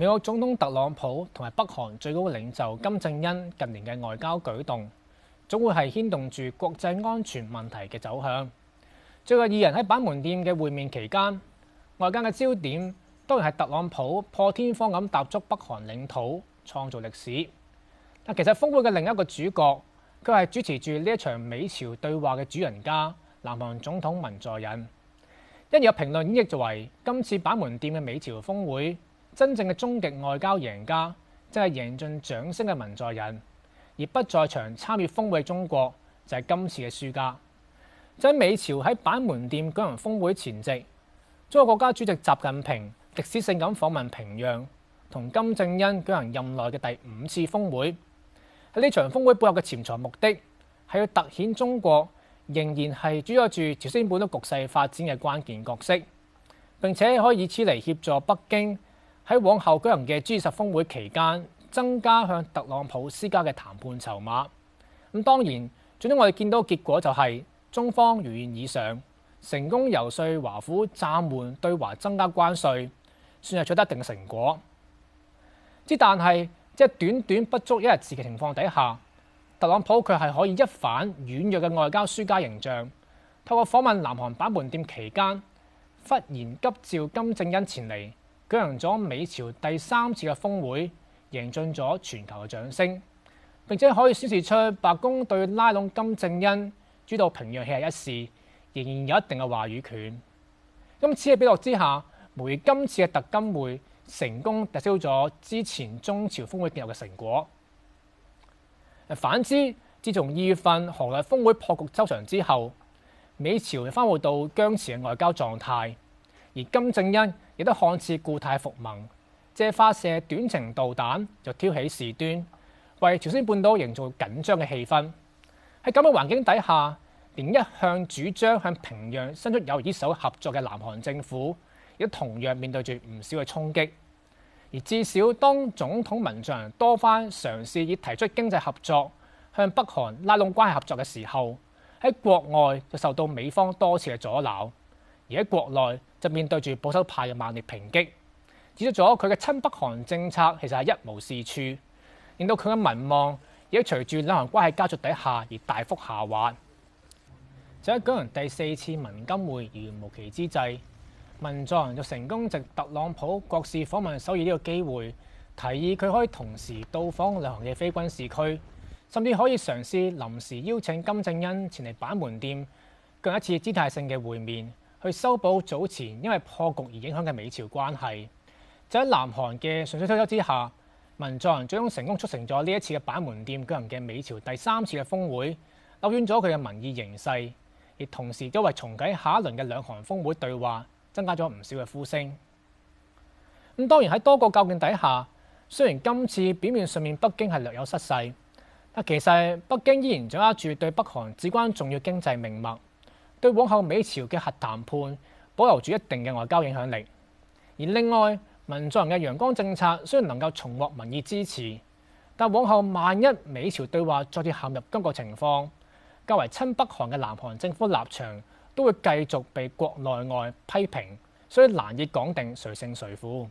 美國總統特朗普同埋北韓最高領袖金正恩近年嘅外交舉動，總會係牽動住國際安全問題嘅走向。最後二人喺板門店嘅會面期間，外間嘅焦點當然係特朗普破天荒咁踏足北韓領土，創造歷史。但其實峰會嘅另一個主角，佢係主持住呢一場美朝對話嘅主人家——南韓總統文在寅。亦有評論演繹作為今次板門店嘅美朝峰會。真正嘅終極外交贏家，即係贏盡掌聲嘅文在寅，而不在場參與峰會嘅中國就係今次嘅輸家。就喺美朝喺板門店舉行峰會前夕，中國國家主席習近平歷史性咁訪問平壤，同金正恩舉行任內嘅第五次峰會。喺呢場峰會背後嘅潛在目的係要突顯中國仍然係主宰住朝鮮半島局勢發展嘅關鍵角色，並且可以以此嚟協助北京。喺往後舉行嘅 G 十峰會期間，增加向特朗普施加嘅談判籌碼。咁當然，最終我哋見到結果就係、是、中方如願以償，成功遊說華府暫緩對華增加關稅，算係取得一定成果。之但係，即係短短不足一日時嘅情況底下，特朗普佢係可以一反軟弱嘅外交輸家形象，透過訪問南韓板門店期間，忽然急召金正恩前嚟。舉行咗美朝第三次嘅峰會，贏盡咗全球嘅掌聲，並且可以顯示出白宮對拉攏金正恩，主導平壤氣候一事，仍然有一定嘅話語權。咁此嘅比落之下，梅今次嘅特金會成功抵銷咗之前中朝峰會建立嘅成果。反之，自從二月份河內峰會破局收場之後，美朝又翻回到僵持嘅外交狀態，而金正恩。亦都看似故態復萌，借發射短程導彈就挑起事端，為朝鮮半島營造緊張嘅氣氛。喺咁嘅環境底下，連一向主張向平壤伸出友誼手合作嘅南韓政府，亦都同樣面對住唔少嘅衝擊。而至少當總統文在寅多番嘗試以提出經濟合作向北韓拉攏關係合作嘅時候，喺國外就受到美方多次嘅阻撓。而喺國內就面對住保守派嘅猛烈抨擊，指出咗佢嘅親北韓政策其實係一無是處，令到佢嘅民望亦都隨住兩韓關係加速底下而大幅下滑。就喺舉行第四次文金會遙遙無期之際，文在寅就成功藉特朗普國事訪問首爾呢個機會，提議佢可以同時到訪兩韓嘅非軍事區，甚至可以嘗試臨時邀請金正恩前嚟板門店舉一次姿態性嘅會面，去修補早前因為破局而影響嘅美朝關係，就喺南韓嘅順水推舟之下，文在寅最終成功促成咗呢一次嘅板門店舉行嘅美朝第三次嘅峰會，扭轉咗佢嘅民意形勢，亦同時都為重啟下一輪嘅兩韓峰會對話增加咗唔少嘅呼聲。咁、嗯、當然喺多個較勁底下，雖然今次表面上面北京係略有失勢，但其實北京依然掌握住對北韓至關重要經濟命脈。對往後美朝嘅核談判保留住一定嘅外交影響力，而另外文在寅嘅陽光政策雖然能夠重獲民意支持，但往後萬一美朝對話再次陷入僵局情況，較為親北韓嘅南韓政府立場都會繼續被國內外批評，所以難以講定誰勝誰負。